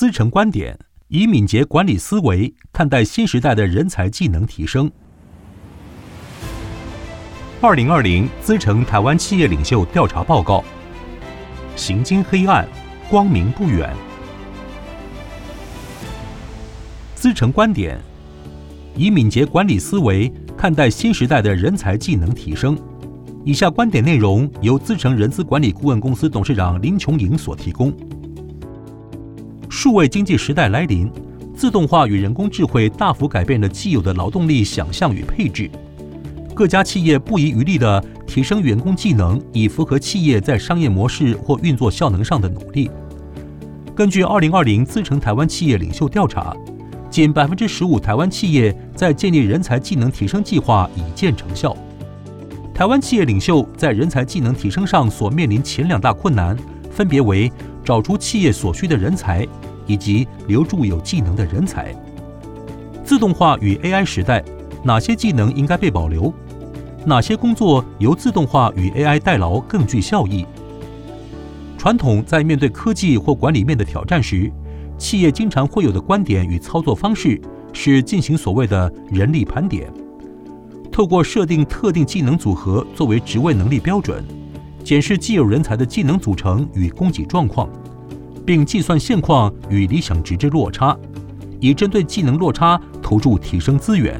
資誠觀點：以敏捷管理思維看待新時代的人才技能提升。二零二零資誠台灣企業領袖調查報告。行經黑暗，光明不遠。資誠觀點：以敏捷管理思維看待新時代的人才技能提升。以下觀點內容由資誠人資管理顧問公司董事長林瓊瑩所提供。數位經濟時代來臨，自動化與人工智慧大幅改變了既有的勞動力想象與配置。各家企業不遺餘力地提升員工技能，以符合企業在商業模式或運作效能上的努力。根據二零二零資誠台灣企業領袖調查，僅百分之十五台灣企業在建立人才技能提升計劃已見成效。台灣企業領袖在人才技能提升上所面臨前兩大困難，分別為找出企業所需的人才，以及留住有技能的人才。自動化與 AI 時代，哪些技能應該被保留？哪些工作由自動化與 AI 代勞更具效益？傳統在面對科技或管理面的挑戰時，企業經常會有的觀點與操作方式是進行所謂的“人力盤點”，透過設定特定技能組合作為職位能力標準，檢視既有人才的技能組成與供給狀況。並計算現況與理想值之落差，以針對技能落差投注提升資源，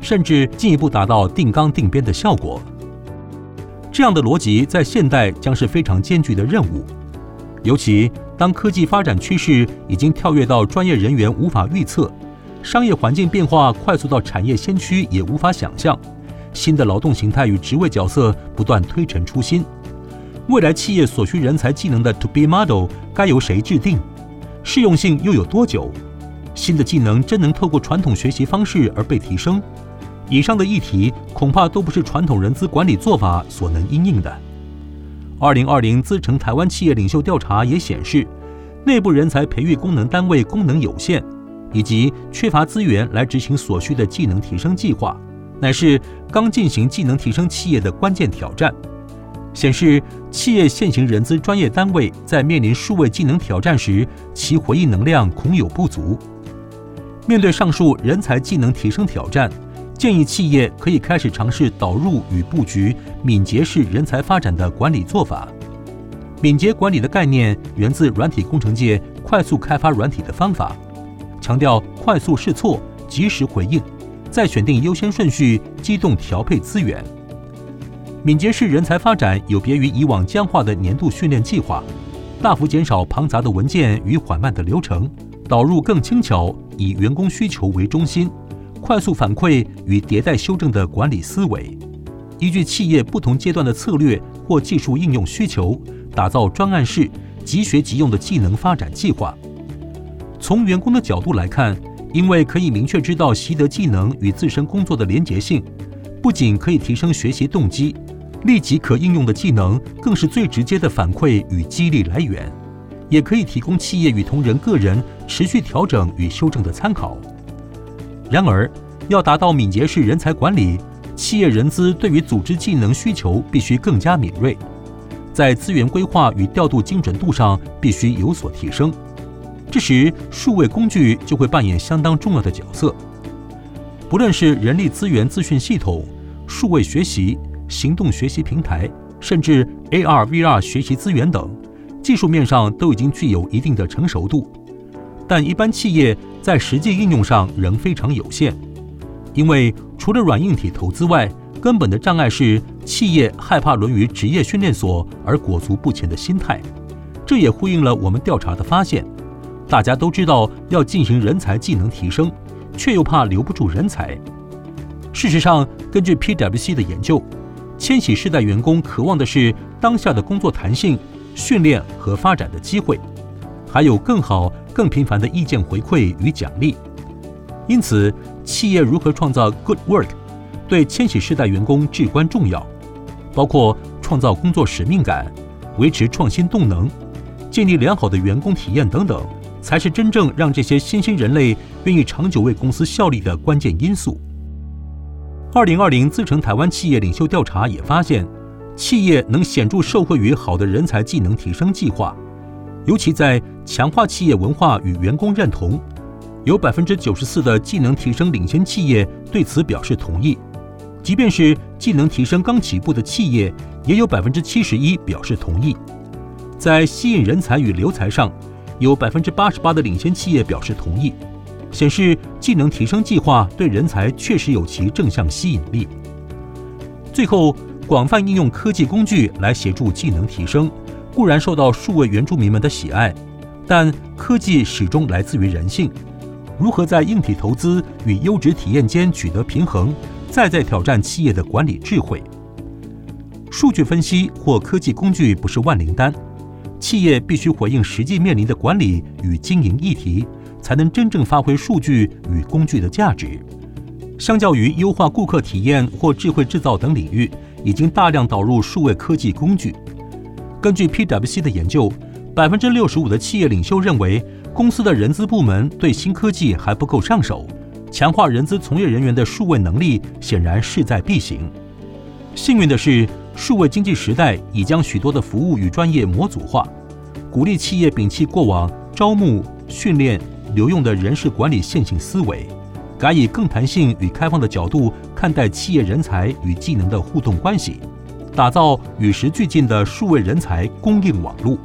甚至進一步達到定崗定編的效果。這樣的邏輯在現代將是非常艱巨的任務，尤其當科技發展趨勢已經跳躍到專業人員無法預測，商業環境變化快速到產業先驅也無法想象，新的勞動形態與職位角色不斷推陳出新。未來企業所需人才技能的 To Be Model 該由誰制定？適用性又有多久？新的技能真能透過傳統學習方式而被提升？以上的議題恐怕都不是傳統人資管理做法所能應應的。2020資誠台灣企業領袖調查也顯示，內部人才培育功能單位功能有限，以及缺乏資源來執行所需的技能提升計劃，乃是剛進行技能提升企業的關鍵挑戰。顯示企業現行人資專業單位在面臨數位技能挑戰時，其回應能量恐有不足。面對上述人才技能提升挑戰，建議企業可以開始嘗試導入與佈局敏捷式人才發展的管理做法。敏捷管理的概念源自軟體工程界快速開發軟體的方法，強調快速試錯、及時回應，再選定優先順序，機動調配資源。敏捷式人才發展有別於以往僵化的年度訓練計劃，大幅減少龐雜的文件與緩慢的流程，導入更輕巧、以員工需求為中心、快速反饋與迭代修正的管理思維。依據企業不同階段的策略或技術應用需求，打造專案式、即學即用的技能發展計劃。從員工的角度來看，因為可以明確知道習得技能與自身工作的連結性，不僅可以提升學習動機。立即可應用的技能，更是最直接的反饋與激勵來源，也可以提供企業與同仁個人持續調整與修正的參考。然而，要達到敏捷式人才管理，企業人資對於組織技能需求必須更加敏銳，在資源規劃與調度精準度上必須有所提升。這時，數位工具就會扮演相當重要的角色，不論是人力資源資訊系統、數位學習。行動學習平台，甚至 AR、VR 學習資源等，技術面上都已經具有一定的成熟度，但一般企業在實際應用上仍非常有限。因為除了軟硬體投資外，根本的障礙是企業害怕淪為職業訓練所而裹足不前的心態。這也呼應了我們調查的發現：大家都知道要進行人才技能提升，卻又怕留不住人才。事實上，根據 PWC 的研究。千禧世代員工渴望的是當下的工作彈性、訓練和發展的機會，還有更好、更頻繁的意見回饋與獎勵。因此，企業如何創造 good work，對千禧世代員工至關重要，包括創造工作使命感、維持創新動能、建立良好的員工體驗等等，才是真正讓這些新興人類願意長久為公司效力的關鍵因素。二零二零資誠台灣企業領袖調查也發現，企業能顯著受惠於好的人才技能提升計劃，尤其在強化企業文化與員工認同，有百分之九十四的技能提升領先企業對此表示同意，即便是技能提升剛起步的企業，也有百分之七十一表示同意。在吸引人才與留才上，有百分之八十八的領先企業表示同意。顯示技能提升計劃對人才確實有其正向吸引力。最後，廣泛應用科技工具來協助技能提升，固然受到數位原住民們的喜愛，但科技始終來自於人性。如何在硬體投資與優質體驗間取得平衡，再再挑戰企業的管理智慧。數據分析或科技工具不是萬靈丹，企業必須回應實際面臨的管理與經營議題，才能真正發揮數據與工具的價值。相較於優化顧客體驗或智慧製造等領域，已經大量導入數位科技工具。根據 PwC 的研究，百分之六十五的企業領袖認為，公司的人資部門對新科技還不夠上手，強化人資從業人員的數位能力顯然勢在必行。幸運的是，數位經濟時代已將許多的服務與專業模組化，鼓勵企業摒棄過往招募、訓練。流用的人事管理線性思維，改以更彈性與開放的角度看待企業人才與技能的互動關係，打造與時俱進的數位人才供應網絡。